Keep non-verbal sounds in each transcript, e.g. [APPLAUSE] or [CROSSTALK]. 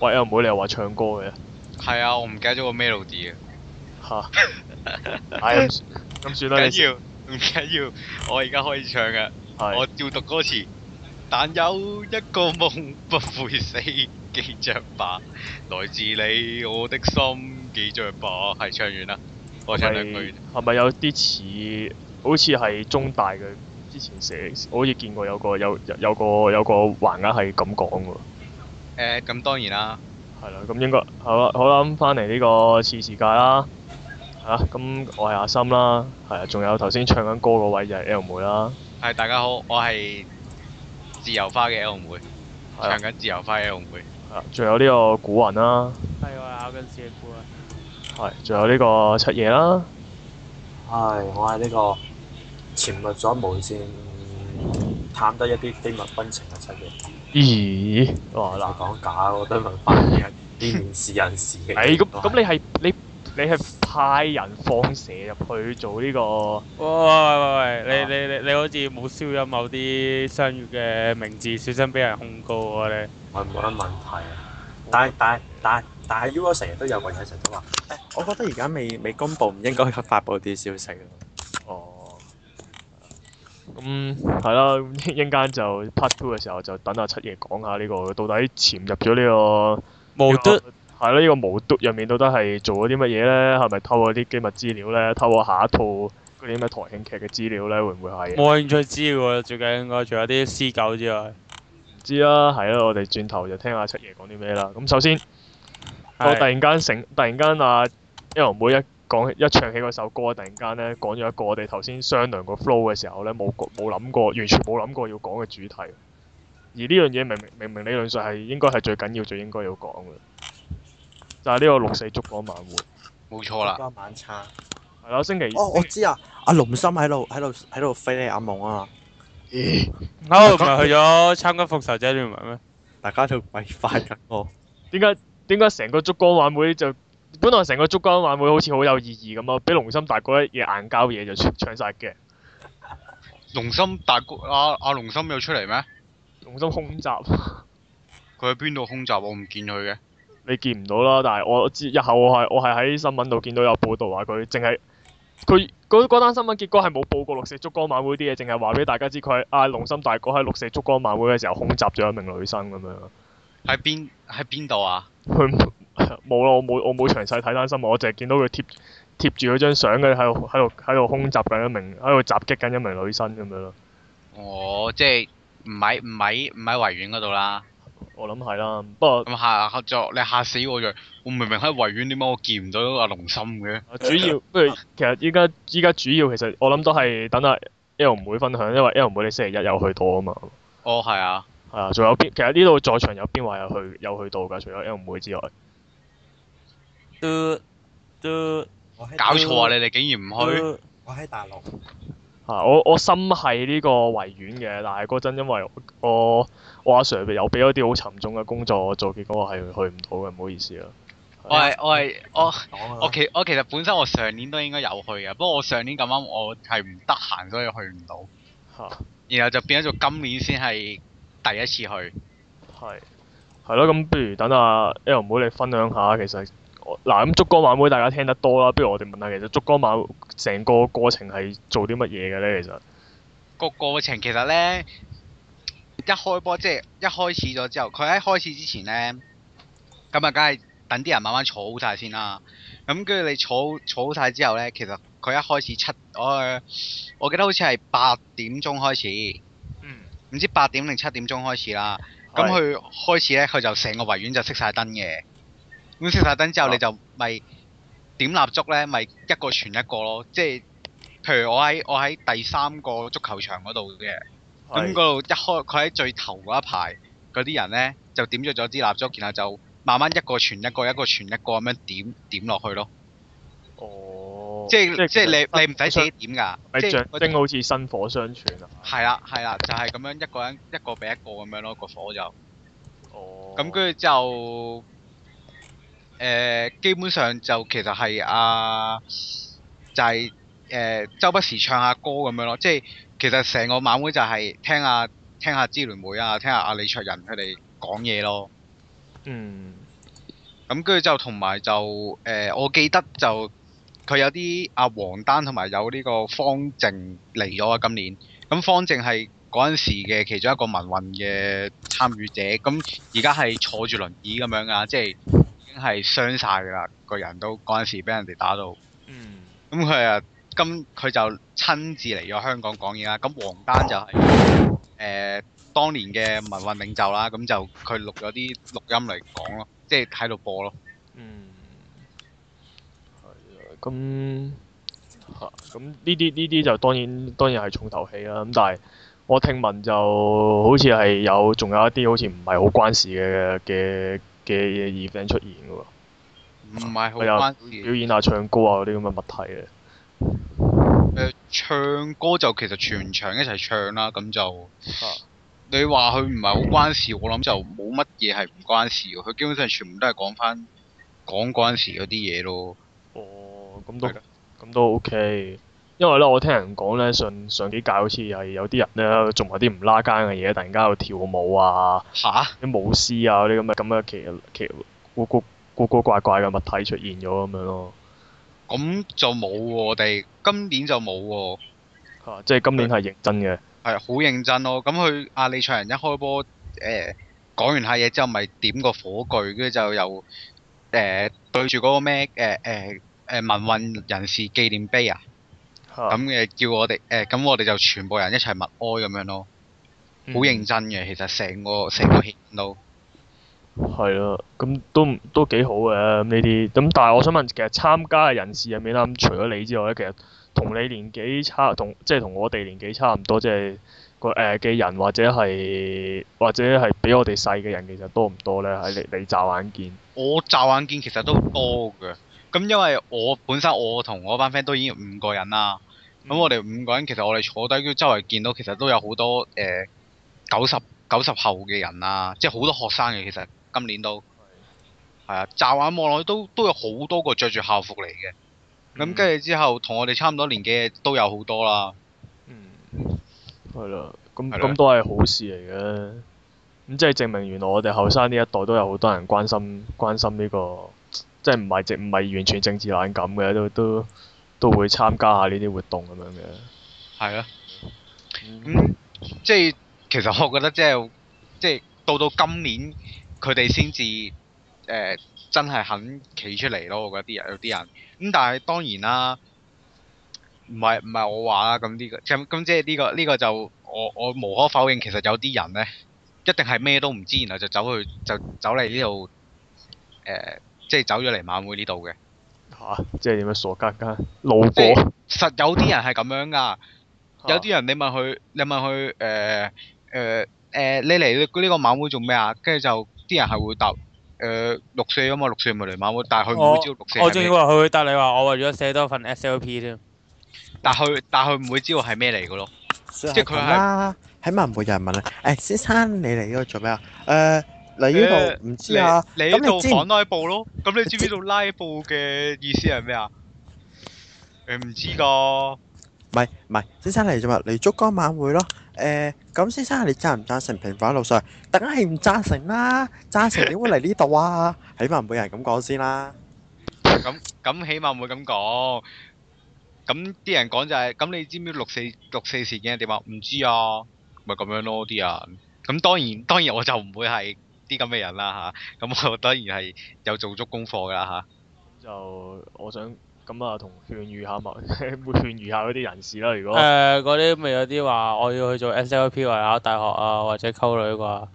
喂，阿妹，你又話唱歌嘅？係啊，我唔記得咗個 melody 啊。嚇！係咁算啦。唔緊要，唔緊要，我而家可以唱嘅。是我只要讀歌詞。但有一個夢不會死，記著吧。來自你我的心幾，記著吧。係唱完啦，我唱兩句。係咪有啲似？好似係中大嘅之前寫，我好似見過有個有有，有，有個有個橫額係咁講㗎喎。誒，咁、欸、當然啦。係、啊、啦，咁應該好啦，好啦，咁翻嚟呢個次世界啦。嚇，咁我係阿心啦，係啊，仲有頭先唱緊歌嗰位就係 L 妹啦。係、欸，大家好，我係自由花嘅 L 妹。的唱緊自由花嘅 L 妹。係啊，仲有呢個古雲啦。係，我係咬緊蛇骨啊。係，仲有呢個七夜啦。係、哎，我係呢、呢個潛入咗無線。探得一啲秘密婚情嘅出嚟？咦！話講嘩哇假，我都問翻啲電視人士。誒咁咁，你係你你係派人放蛇入去做呢、這個？喂喂喂！喂喂你你你你好似冇燒咗某啲商業嘅名字，小心俾人控告咧！我唔冇乜問題。但係但係但係但係如果成日都有個嘢成日都話，誒、欸、 [LAUGHS] 我覺得而家未未公佈，唔應該發布啲消息。嗯，係啦，一陣間就 part two 嘅時候就等阿七爺講下呢個到底潛入咗呢個無督，係咯呢個無督入面到底係做咗啲乜嘢呢？係咪偷咗啲機密資料呢？偷咗下一套嗰啲咩台慶劇嘅資料呢？會唔會係？冇興趣知喎，最近應該除咗啲私教之外，啊，唔知啦，係咯，我哋轉頭就聽下七爺講啲咩啦。咁首先，的我突然間成突然間啊，因為每一。講一唱起嗰首歌，突然間咧講咗一個我哋頭先商量個 flow 嘅時候咧，冇冇諗過，完全冇諗過要講嘅主題。而呢樣嘢明明明明理論上係應該係最緊要、最應該要講嘅，就係、是、呢個六四燭光晚會。冇錯啦。燭光晚餐。係啊，星期二。哦、我知啊，阿龍心喺度喺度喺度飛你阿夢啊。咦、欸？好唔係去咗參加復仇者聯盟咩？ [LAUGHS] 大家都鬼快緊我。點解點解成個燭光晚會就？本來成個燭光晚會好似好有意義咁咯，俾龍心大哥一嘢硬膠嘢就搶晒嘅。龍心大哥阿阿龍心有出嚟咩？龍心空襲。佢喺邊度空襲？我唔見佢嘅。你見唔到啦，但係我知，日後我係我係喺新聞度見到有報道話佢淨係佢嗰單新聞結果係冇報過六四燭光晚會啲嘢，淨係話俾大家知佢係阿龍心大哥喺六四燭光晚會嘅時候空襲咗一名女生咁樣。喺邊喺邊度啊？去。冇啦，我冇我冇詳細睇單新聞，我淨係見到佢貼貼住嗰張相嘅喺度喺度喺度空襲緊一名喺度襲擊緊一名女生咁樣咯。哦、oh，即係唔喺唔喺唔喺維園嗰度啦。我諗係啦，不過咁嚇合作，你嚇死我咗！我明明喺維園，點解我見唔到阿龍心嘅？ [LAUGHS] 主要不如其實依家依家主要其實我諗都係等下 L 妹分享，因為 L 妹你星期日有去到啊嘛。哦，係啊。係啊，仲有邊？其實呢度在場有邊位有去有去，有去到㗎？除咗 L 妹之外。都都搞錯啊！我你哋竟然唔去？我喺大陸。我陸、啊、我，我心繫呢個維園嘅，但係嗰陣因為我我阿、啊、sir 有俾咗啲好沉重嘅工作我做，結果我係去唔到嘅，唔好意思啊。我係我係我我其我其實本身我上年都應該有去嘅，不過我上年咁啱我係唔得閒，所以去唔到。哈然後就變咗做今年先係第一次去。係係咯，咁不如等阿 L 妹你分享下，其實。嗱咁燭光晚會大家聽得多啦，不如我哋問下，其實燭光晚會成個過程係做啲乜嘢嘅咧？其實個過程其實咧，一開波即係、就是、一開始咗之後，佢喺開始之前咧，咁啊，梗係等啲人慢慢坐好曬先啦。咁跟住你坐坐好曬之後咧，其實佢一開始七，我、哎，我記得好似係八點鐘開始，唔、嗯、知八點定七點鐘開始啦。咁佢的開始咧，佢就成個維園就熄晒燈嘅。咁熄晒燈之後，你就咪點蠟燭咧？咪 [NOISE] 一個傳一個咯，即係譬如我喺我喺第三個足球場嗰度嘅，咁嗰度一開佢喺最頭嗰一排嗰啲人咧，就點咗咗支蠟燭，然後就慢慢一個傳一個，一個傳一個咁樣點點落去咯。哦。即係即係你你唔使自己點㗎。係著燈好似薪火相傳啊。係啦係啦，就係咁樣一個人一個俾一個咁樣咯，個火就。哦。咁跟住就。嗯。誒、呃、基本上就其實係啊，就係、是、誒、呃、周不時唱下歌咁樣咯，即係其實成個晚會就係聽下聽下支聯會啊，聽下阿李卓人佢哋講嘢咯。嗯。咁跟住就同埋就誒、呃，我記得就佢有啲阿王丹同埋有呢個方政嚟咗啊。今年咁方政係嗰陣時嘅其中一個民運嘅參與者，咁而家係坐住輪椅咁樣啊，即係。係傷晒㗎啦，個人都嗰陣時俾人哋打到。嗯。咁佢啊，咁佢就親自嚟咗香港講嘢啦。咁王丹就係、是、誒、呃、當年嘅民運領袖啦。咁就佢錄咗啲錄音嚟講咯，即係喺度播咯、嗯啊。嗯。咁嚇咁呢啲呢啲就當然當然係重頭戲啦。咁、嗯、但係我聽聞就好似係有仲有一啲好似唔係好關事嘅嘅。嘅嘢而俾出現嘅喎，唔係好有關表演啊、唱歌啊嗰啲咁嘅物體啊、呃。唱歌就其實全場一齊唱啦，咁就、啊、你話佢唔係好關事，我諗就冇乜嘢係唔關事。佢基本上全部都係講翻講關事嗰啲嘢咯。哦，咁都咁是都 OK。因為咧，我聽人講咧，上上幾屆好似係有啲人咧做埋啲唔拉更嘅嘢，突然間去跳舞啊，嚇！啲舞獅啊，啲咁嘅咁嘅奇奇古，古古古古怪怪嘅物體出現咗咁樣咯。咁就冇喎，我哋今年就冇喎、啊。即係今年係認真嘅。係好認真咯、哦。咁佢阿李卓人一開波，誒、呃、講完下嘢之後，咪點個火炬，跟住就又誒、呃、對住嗰個咩誒誒誒民運人士紀念碑啊。咁嘅叫我哋誒，咁、欸、我哋就全部人一齊默哀咁樣咯，好認真嘅，其實成個成個片都係咯、嗯，咁都都幾好嘅呢啲，咁但係我想問，其實參加嘅人士入面啦，除咗你之外咧，其實同你年紀差，同即係同我哋年紀差唔多，即係個誒嘅人或者係或者係比我哋細嘅人，其實多唔多咧？喺你你驟眼見，我驟眼見其實都多嘅，咁因為我本身我同我班 friend 都已經五個人啦。咁我哋五個人其實我哋坐低，跟住周圍見到其實都有好多誒九十九十後嘅人啊，即係好多學生嘅其實今年都係啊，驟眼望落去都都有好多個着住校服嚟嘅。咁跟住之後，同我哋差唔多年紀嘅都有好多啦。嗯，係啦。咁咁都係好事嚟嘅。咁即係證明原來我哋後生呢一代都有好多人關心關心呢個，即係唔係唔係完全政治冷感嘅都都。都都會參加下呢啲活動咁樣嘅，係、嗯、啊。咁即係其實我覺得即係即係到到今年佢哋先至誒真係肯企出嚟咯，我覺得啲人有啲人咁，但係當然啦，唔係唔係我話啦，咁呢個咁咁即係呢個呢個就我我無可否認，其實有啲人咧一定係咩都唔知，然後就走去就走嚟呢度誒，即係走咗嚟晚會呢度嘅。吓、啊，即係點樣傻更更，路過，實有啲人係咁樣噶。 [LAUGHS] 有啲人你問佢，你問佢，誒、呃，誒，誒，你嚟呢個晚會做咩啊？跟住就啲人係會答，誒、呃，六歲啊嘛，六歲咪嚟晚會，但係佢唔會知道六歲。我仲以為佢會答你話，我為咗寫多份 S L P 啫。但係佢但係佢唔會知道係咩嚟噶咯，即係佢係喺問有人問啊，誒、哎，先生你嚟呢度做咩啊？誒、呃。嚟呢度唔知啊？你度反拉布咯，咁你知唔知道拉布嘅意思係咩啊？誒，唔知噶。唔係唔係，先生嚟咗話嚟燭光晚會咯。誒，咁先生你贊唔贊成平反陸上？梗係唔贊成啦。贊成點會嚟呢度啊？起碼唔會人咁講先啦。咁咁起碼唔會咁講。咁啲人講就係，咁你知唔知六四六四事件點話啊？唔知啊。咪咁樣咯，啲人。咁當然當然我就唔會係。啲咁嘅人啦吓，咁、啊嗯、我當然係有做足功課噶嚇。啊、就我想咁啊，同勸喻下嘛，會勸喻下嗰啲人士啦，如果。誒、欸，嗰啲咪有啲話，我要去做 S L P 為考大學啊，或者溝女啩。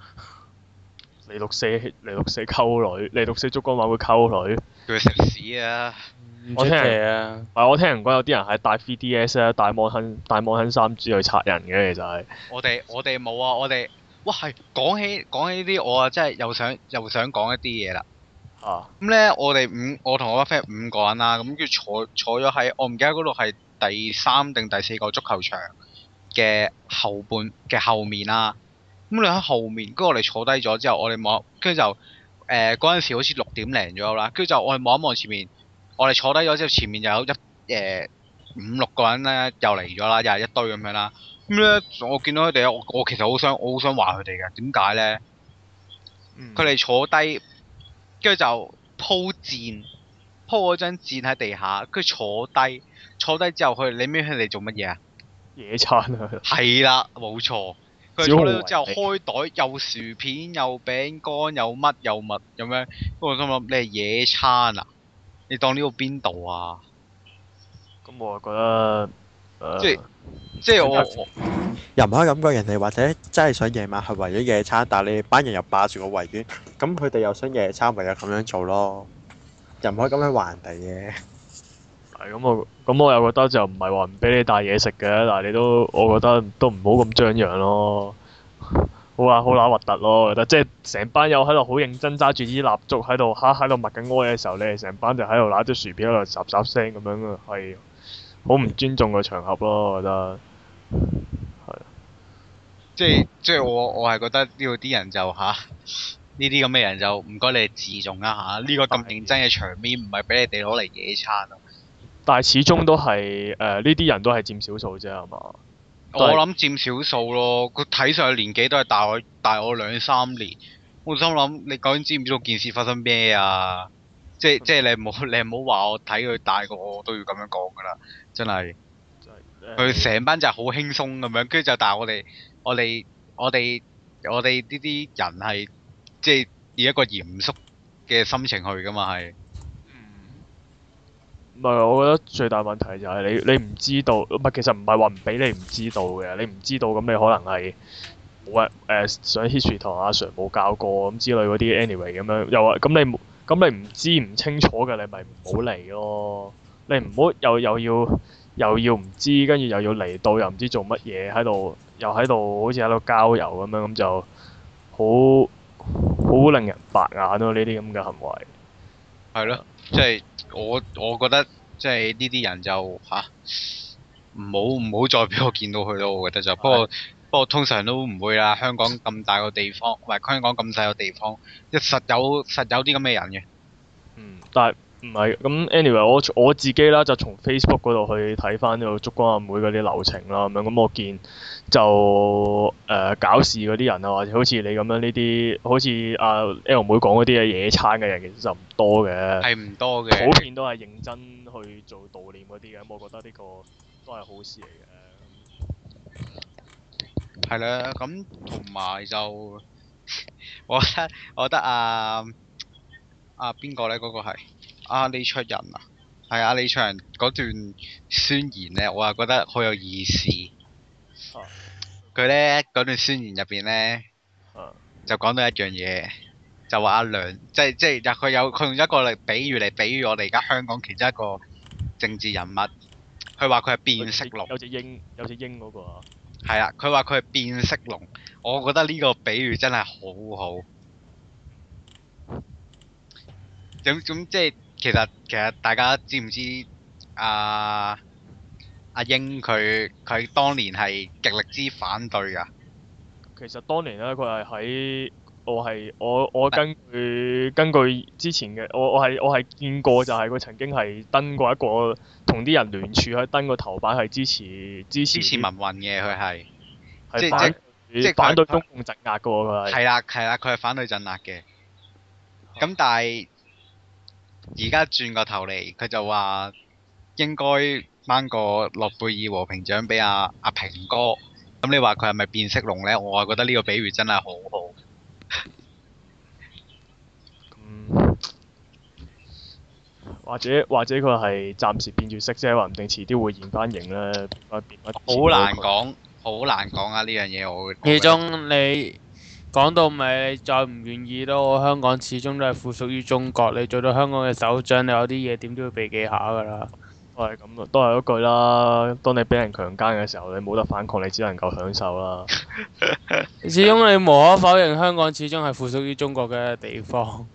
你六四嚟六四溝女，嚟六四足今晚會溝女，佢食屎啊！我聽啊，唔我聽人講、啊、有啲人係帶3 D S 啊，帶網很帶網很三 G 去刷人嘅，其實係。我哋我哋冇啊，我哋。哇，係講起講起呢啲，我啊真係又想又想講一啲嘢啦。啊！咁咧、嗯，我哋五，我同我個 friend 五個人啦，咁跟住坐坐咗喺我唔記得嗰度係第三定第四個足球場嘅後半嘅後面啦。咁你喺後面，跟住我哋坐低咗之後，我哋望跟住就誒嗰陣時好似六點零左右啦，跟住就我哋望一望前面，我哋坐低咗之後，前面就有一誒、呃、五六個人咧，又嚟咗啦，又係一堆咁樣啦。咁咧，我見到佢哋，我我其實好想，我好想話佢哋嘅點解咧？佢哋、嗯、坐低，跟住就鋪墊，鋪嗰張墊喺地下，跟住坐低，坐低之後佢，你咩佢哋做乜嘢啊？野餐啊！係啦，冇錯。佢坐低之後開袋，又薯片，又餅乾，又乜又乜咁樣。我心諗你係野餐啊？你當呢個邊度啊？咁我就覺得。Uh, 即係是，即係我又唔可以感覺人哋或者真係想夜晚係為咗夜餐，但係你班人又霸住個位嘅，咁佢哋又想夜餐咪又咁樣做咯。又唔可以咁樣話人哋嘅。係咁 [LAUGHS] 我，咁我又覺得就唔係話唔俾你帶嘢食嘅，但係你都，我覺得都唔好咁張揚咯。哇， [LAUGHS] 好乸核突咯！即係成班友喺度好認真揸住支蠟燭喺度，哈喺度默緊哀嘅時候咧，成班就喺度攞啲薯片喺度霎霎聲咁樣啊係好唔尊重個場合咯，我覺得。係。即係，即係我我係覺得呢度啲人就吓，呢啲咁嘅人就唔該你自重啊嚇！呢個咁認真嘅場面唔係俾你哋攞嚟野餐啊。但係始終都係誒呢啲人都係佔少數啫係嘛？我諗佔少數咯，佢睇上去年紀都係大我大我兩三年。我心諗你究竟知唔知道件事發生咩啊？即即係你唔好，你唔好話我睇佢大過，我都要咁樣講噶啦，真係。佢成、就是、班就係好輕鬆咁樣，跟住就帶我哋，我哋我哋我哋呢啲人係即係以一個嚴肅嘅心情去噶嘛係。唔係、嗯，我覺得最大問題就係你你唔知道，唔係其實唔係話唔俾你唔知道嘅，你唔知道咁你可能係冇誒上 history 堂阿、啊、Sir 冇教過咁之類嗰啲 anyway 咁樣，又話咁你咁你唔知唔清楚嘅，你咪唔好嚟咯。你唔好又又要又要唔知，跟住又要嚟到，又唔知做乜嘢喺度，又喺度好似喺度郊遊咁樣，咁就，好，好令人白眼咯。呢啲咁嘅行為，係咯，即係我我覺得即係呢啲人就吓，唔好唔好再俾我見到佢咯。我覺得就不過。不過我通常都唔會啦，香港咁大個地方，唔係香港咁細個地方，一實有實有啲咁嘅人嘅。嗯，但係唔係咁，anyway，我我自己啦，就從 Facebook 嗰度去睇翻呢個燭光阿妹嗰啲流程啦，咁樣咁我見就誒、呃、搞事嗰啲人啊，或者好似你咁樣呢啲，好似阿、啊、L 妹講嗰啲野餐嘅人，其實就唔多嘅，係唔多嘅，普遍都係認真去做悼念嗰啲嘅，我覺得呢個都係好事嚟嘅。係啦，咁同埋就，我覺得，我覺得啊啊邊個咧？嗰個係阿李卓仁啊？係啊、那個、啊李卓仁嗰段宣言咧，我啊覺得好有意思。哦。佢咧嗰段宣言入邊咧，就講到一樣嘢，就話阿梁，即係即係又佢有佢用一個嚟比喻嚟比喻我哋而家香港其中一個政治人物，佢話佢係變色龍、嗯，有隻鷹，有隻鷹嗰個、啊。係啦，佢話佢係變色龍，我覺得呢個比喻真係好好。咁咁即係，其實其實大家知唔知阿、啊、阿英佢佢當年係極力之反對㗎？其實當年咧，佢係喺。我係，我我根據根據之前嘅我我係我係見過就係佢曾經係登過一個同啲人聯署去登個頭版係支持支持支持民運嘅，佢係即即係反對中共鎮壓嘅喎，佢係啦係啦，佢係反對鎮壓嘅。咁是但係而家轉個頭嚟，佢就話應該掹個諾貝爾和平獎俾阿阿平哥。咁你話佢係咪變色龍咧？我係覺得呢個比喻真係好好。或者或者佢係暫時變住色啫，話唔定遲啲會現呢變翻型咧。好難講，好難講啊！呢樣嘢我會始終你講到尾，再唔願意都，香港始終都係附屬於中國。你做到香港嘅首長，你有啲嘢點都要避忌下㗎啦。都係咁咯，都係嗰句啦。當你俾人強姦嘅時候，你冇得反抗，你只能夠享受啦。始終你無可否認，香港始終係附屬於中國嘅地方。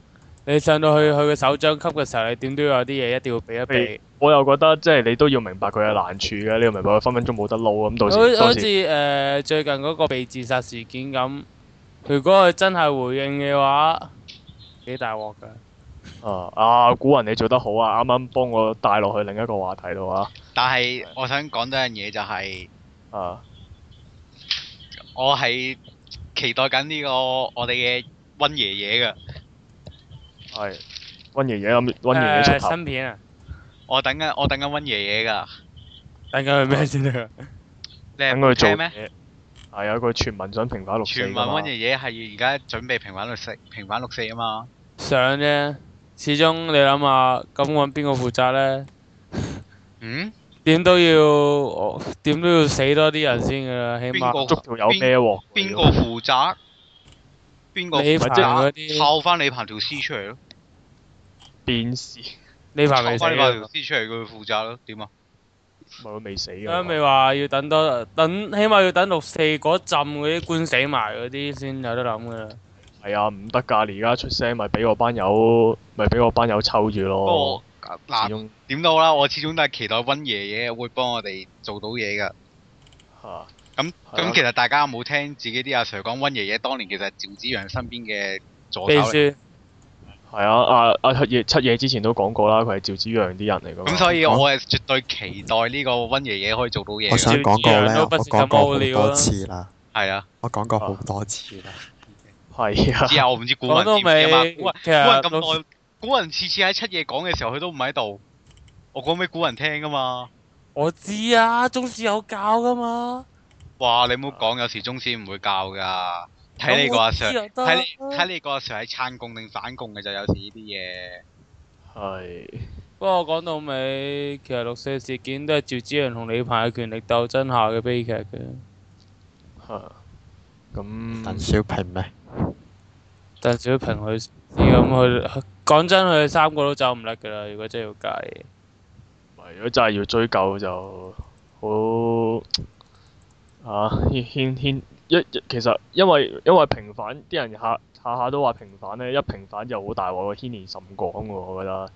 你上到去佢嘅首長級嘅時候，你點都要有啲嘢，一定要俾一俾。我又覺得即係你都要明白佢嘅難處嘅，你要明白佢分分鐘冇得撈咁到時到好時誒、呃，最近嗰個被自殺事件咁，如果佢真係回應嘅話，幾大鑊噶！哦啊,啊，古云你做得好啊！啱啱幫我帶落去另一個話題度啦。但係我想講多樣嘢就係、是，啊，我係期待緊呢、這個我哋嘅温爺爺噶。係，温爺爺咁，温爺爺出頭。誒，新片啊！我等緊，我等緊温爺爺噶。等緊佢咩先咧？等佢做咩？係有個全民想平反六四。全民温爺爺係要而家準備平反六四，平反六四啊嘛。想啫，始終你諗下，咁搵邊個負責咧？嗯？點都要，點都要死多啲人先噶，起碼捉條友咩喎？邊個負責？邊個或者抄翻你棚條屍出嚟咯？變絲是， [LAUGHS] 你棚咪翻條屍出嚟，佢負責咯？點啊？咪佢未死啊？而家未話要等多，等起碼要等六四嗰陣嗰啲官死埋嗰啲先有得諗噶啦。係啊，唔得噶，你而家出聲咪俾我班友咪俾我班友抽住咯。過始點終都好啦，我始終都係期待溫爺爺會幫我哋做到嘢噶。吓。咁咁，其實大家有冇聽自己啲阿 Sir 講溫爺爺當年其實趙紫陽身邊嘅助手？係啊，阿阿七爺七爺之前都講過啦，佢係趙紫陽啲人嚟噶。咁所以我係絕對期待呢個溫爺爺可以做到嘢。我想講過咧，我講過好多次啦。係啊，我講過好多次啦。係啊，之後我唔知古文點嘅嘛。古文咁耐，古人次次喺七夜講嘅時候，佢都唔喺度。我講俾古人聽噶嘛。我知啊，宗師有教噶嘛。哇！你唔好講，有時中史唔會教噶，睇你個阿 Sir，睇、啊、你睇你個阿 Sir 係撐共定反共嘅就，有時呢啲嘢。係是。不過講到尾，其實六四事件都係趙紫陽同李鵬嘅權力鬥爭下嘅悲劇嘅。咁、啊。鄧小平咩？鄧小平佢啲咁，佢講真，佢三個都走唔甩噶啦，如果真係要計。係，如果真係要追究就好。啊！牽牽牽一，其實因為因為平反啲人下下下都話平反呢，一平反就好大鑊喎，牽連甚廣喎，我覺得。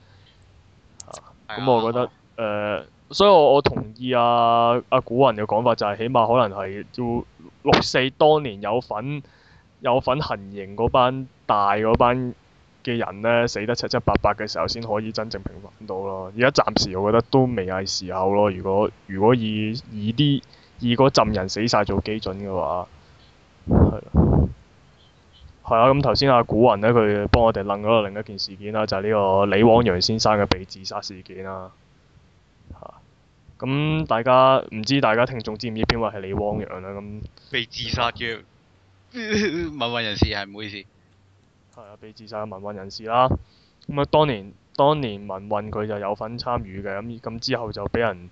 咁我覺得誒，所以我我同意啊，阿古雲嘅講法，就係起碼可能係要六四當年有份有份行刑嗰班大嗰班嘅人呢，死得七七八八嘅時候，先可以真正平反到咯。而家暫時我覺得都未係時候咯。如果如果以以啲如果浸人死晒做基準嘅話，係啊！咁頭先阿古雲呢，佢幫我哋諗咗另一件事件啦，就係呢個李汪洋先生嘅被自殺事件啦。嚇！咁大家唔知大家聽眾知唔知邊位係李汪洋咧？咁被自殺嘅民 [LAUGHS] 運人士係唔好意思。係啊，被自殺嘅民運人士啦。咁啊，當年當年民運佢就有份參與嘅，咁咁之後就俾人。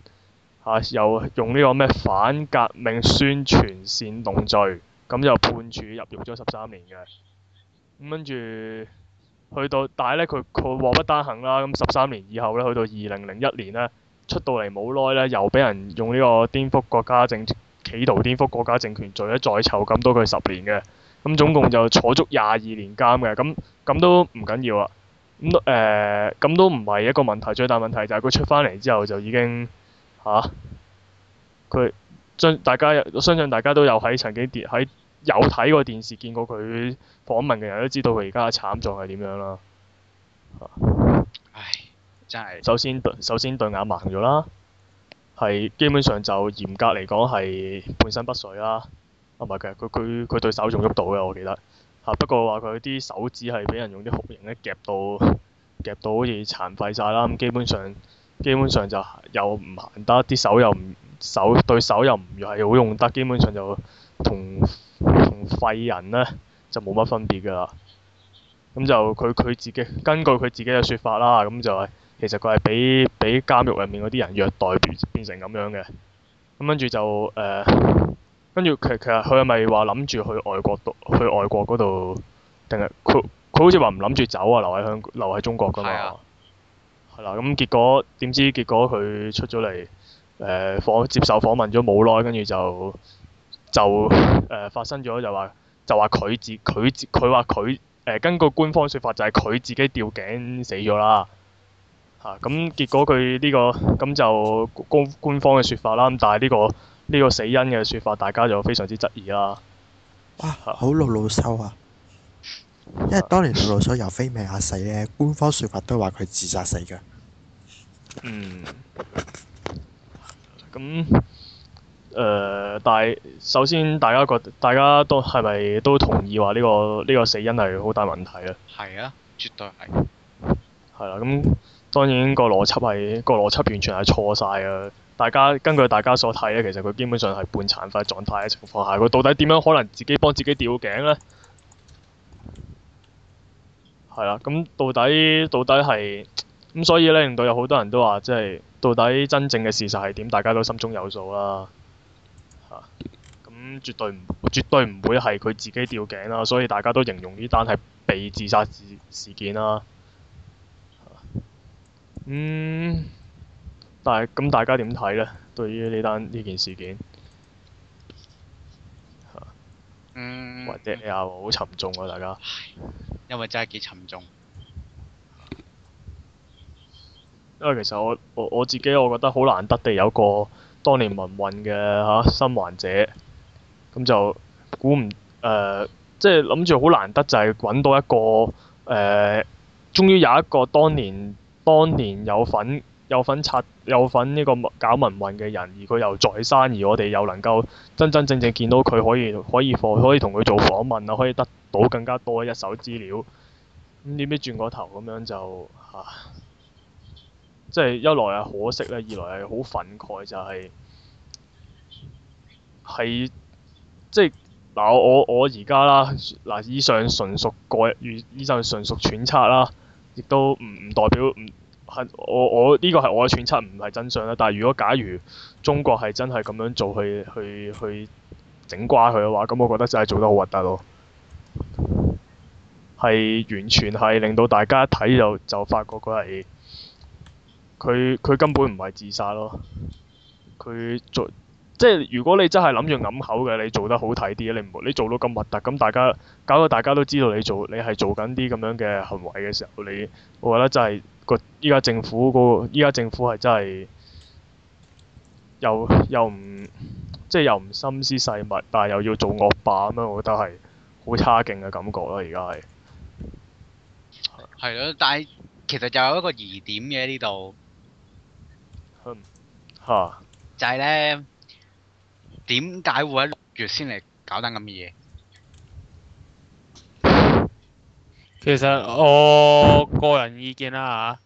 嚇、啊！又用呢個咩反革命宣傳煽動罪，咁又判處入獄咗十三年嘅。咁跟住去到，但係呢，佢佢禍不單行啦。咁十三年以後呢，去到二零零一年呢，出到嚟冇耐呢，又俾人用呢個顛覆國家政企圖顛覆國家政權罪呢再囚禁多佢十年嘅。咁、嗯、總共就坐足廿二年監嘅。咁咁都唔緊要啊。咁、呃、都唔係一個問題。最大問題就係佢出翻嚟之後就已經。嚇！佢、啊、將大家相信大家都有喺曾經跌喺有睇過電視見過佢訪問嘅人都知道佢而家嘅慘狀係點樣啦。啊、唉，真係。首先對，首先對眼盲咗啦。係基本上就嚴格嚟講係半身不遂啦，唔係嘅，佢佢佢對手仲喐到嘅，我記得。嚇、啊！不過話佢啲手指係俾人用啲酷刑一夾到，夾到好似殘廢晒啦咁，基本上。基本上就又唔行得，啲手又唔手對手又唔係好用得，基本上就同同廢人呢就冇乜分別㗎啦。咁就佢佢自己根據佢自己嘅説法啦，咁就係其實佢係俾俾監獄入面嗰啲人虐待變變成咁樣嘅。咁跟住就誒，跟住其其實佢係咪話諗住去外國讀，去外國嗰度定係佢佢好似話唔諗住走啊，留喺香留喺中國㗎嘛？係啦，咁結果點知？結果佢出咗嚟，誒、呃、訪接受訪問咗冇耐，跟住就就誒、呃、發生咗，就話就話佢自佢佢話佢誒根據官方説法就係佢自己吊頸死咗啦。嚇、嗯！咁、嗯、結果佢呢、這個咁、嗯、就公官方嘅説法啦。咁但係呢、這個呢、這個死因嘅説法，大家就非常之質疑啦。啊！好老老羞啊！因為當年老老所又非命而死咧，官方說法都話佢自殺死嘅、嗯。嗯。咁，誒大首先大家覺大家都係咪都同意話、這、呢個呢、呢個死因係好大問題咧？係啊，絕對係。係啦、啊，咁、嗯、當然個邏輯係個邏輯完全係錯晒啊！大家根據大家所睇咧，其實佢基本上係半殘廢狀態嘅情況下，佢到底點樣可能自己幫自己吊頸呢？係啦，咁到底到底係咁，所以呢，令到有好多人都話，即係到底真正嘅事實係點，大家都心中有數啦。咁、啊、絕對唔絕對唔會係佢自己吊頸啦，所以大家都形容呢單係被自殺事、事件啦。嚇、啊嗯！但係咁大家點睇呢？對於呢單呢件事件。啊嗯、或者啊，好、嗯、沉重啊，大家。因為真係幾沉重。因為其實我我我自己，我覺得好難得地有個當年民運嘅嚇、啊、生還者，咁就估唔誒、呃，即係諗住好難得就係揾到一個誒、呃，終於有一個當年當年有份、有份拆、有份呢個搞民運嘅人，而佢又在生，而我哋又能夠真真正正見到佢，可以可以訪可以同佢做訪問啊，可以得。到更加多一手資料，咁點知轉個頭咁樣就嚇、啊，即係一來係可惜咧，二來係好憤慨、就係，就係係即係嗱、啊、我我我而家啦嗱、啊，以上純屬過以上純屬揣測啦，亦都唔唔代表唔係我我呢、呢個係我嘅揣測，唔係真相啦。但係如果假如中國係真係咁樣做去去去整瓜佢嘅話，咁我覺得真係做得好核突咯。係完全係令到大家一睇就就發覺佢係。佢佢根本唔係自殺咯。佢做即係如果你真係諗住揞口嘅，你做得好睇啲，啊。你唔會你做到咁核突，咁大家搞到大家都知道你做你係做緊啲咁樣嘅行為嘅時候，你我覺得真係個依家政府、個依家政府係真係。又又唔即係又唔心思細密，但係又要做惡霸咁樣，我覺得係。好差勁嘅感覺咯，而家係。係咯，但係其實就有一個疑點嘅呢度。嚇！就係咧，點解會喺六月先嚟搞啲咁嘅嘢？其實我個人意見啦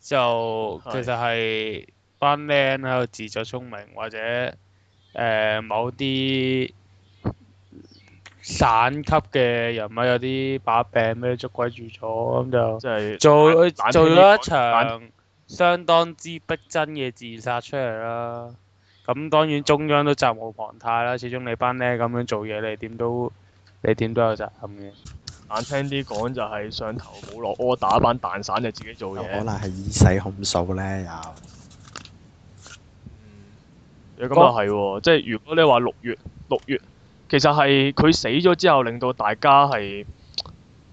嚇，就其實係班 man 喺度自作聰明或者誒某啲。省級嘅人物有啲把柄俾捉鬼住咗，咁就即做冷做咗一場冷相當之逼真嘅自殺出嚟啦。咁當然中央都責無旁貸啦，始終你班咧咁樣做嘢，你點都你點都有責任嘅。難聽啲講就係上頭冇落 order，班蛋散就自己做嘢。有可能係以死控訴咧，又。誒咁又係即係如果你話六月，六月。其實係佢死咗之後，令到大家係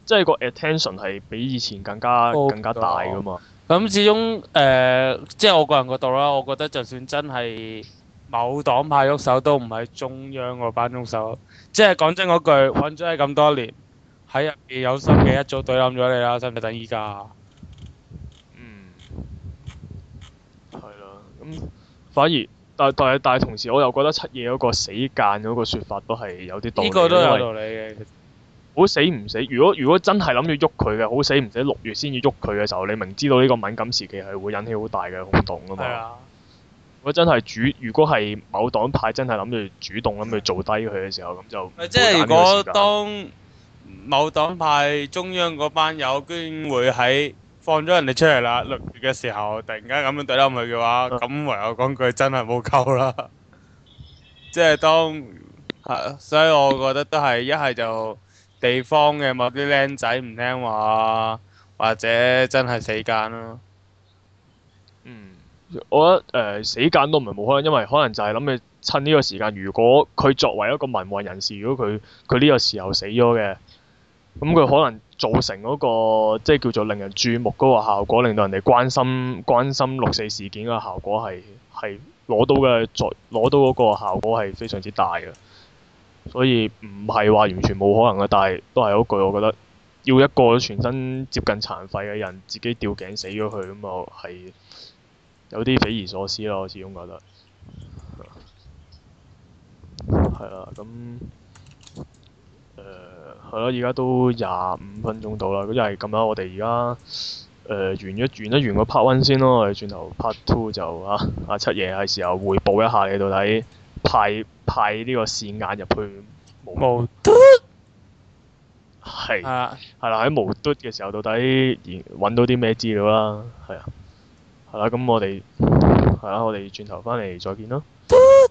即係個 attention 係比以前更加 Okay. 更加大㗎嘛。咁始終誒、呃，即係我個人角度啦，我覺得就算真係某黨派喐手，都唔係中央個、啊、班喐手。即係講真嗰句，搵咗你咁多年，喺入邊有心嘅一組隊冧咗你啦，使唔使等依家？嗯，係啦，咁反而。但但係同時我又覺得七野嗰個死間嗰個說法都係有啲道理。呢個都有道理嘅。好死唔死，如果如果真係諗住喐佢嘅，好死唔死，六月先至喐佢嘅時候，你明知道呢個敏感時期係會引起好大嘅轟動㗎嘛。係啊。如果真係主，如果係某黨派真係諗住主動咁去做低佢嘅時候，咁的就即係如果當某黨派中央嗰班友居然會喺？放咗人哋出嚟啦，六月嘅時候突然間咁樣對拉佢嘅話，咁唯有講句真係冇救啦。即 [LAUGHS] 係當，係，所以我覺得都係一係就地方嘅某啲僆仔唔聽話，或者真係死間咯。嗯，我覺得誒、呃、死間都唔係冇可能，因為可能就係諗住趁呢個時間，如果佢作為一個民運人士，如果佢佢呢個時候死咗嘅，咁佢可能。造成嗰，那個即係叫做令人注目嗰個效果，令到人哋關心關心六四事件嘅效果係係攞到嘅，作攞到嗰個效果係非常之大嘅，所以唔係話完全冇可能嘅，但係都係嗰句我覺得，要一個全身接近殘廢嘅人自己吊頸死咗佢咁啊，係有啲匪夷所思咯，我始終覺得係啊咁。嗯係咯，而家都廿五分鐘到啦，咁又係咁啦。我哋而家誒完咗完一完個 part one 先咯，我哋轉頭 part two 就啊啊，七爺係時候匯報一下你到底派派呢個線眼入去無端，係係啦，喺無嘟嘅時候到底揾到啲咩資料啦，係啊，係啦，咁我哋係啦，我哋轉頭翻嚟再見啦。 [LAUGHS]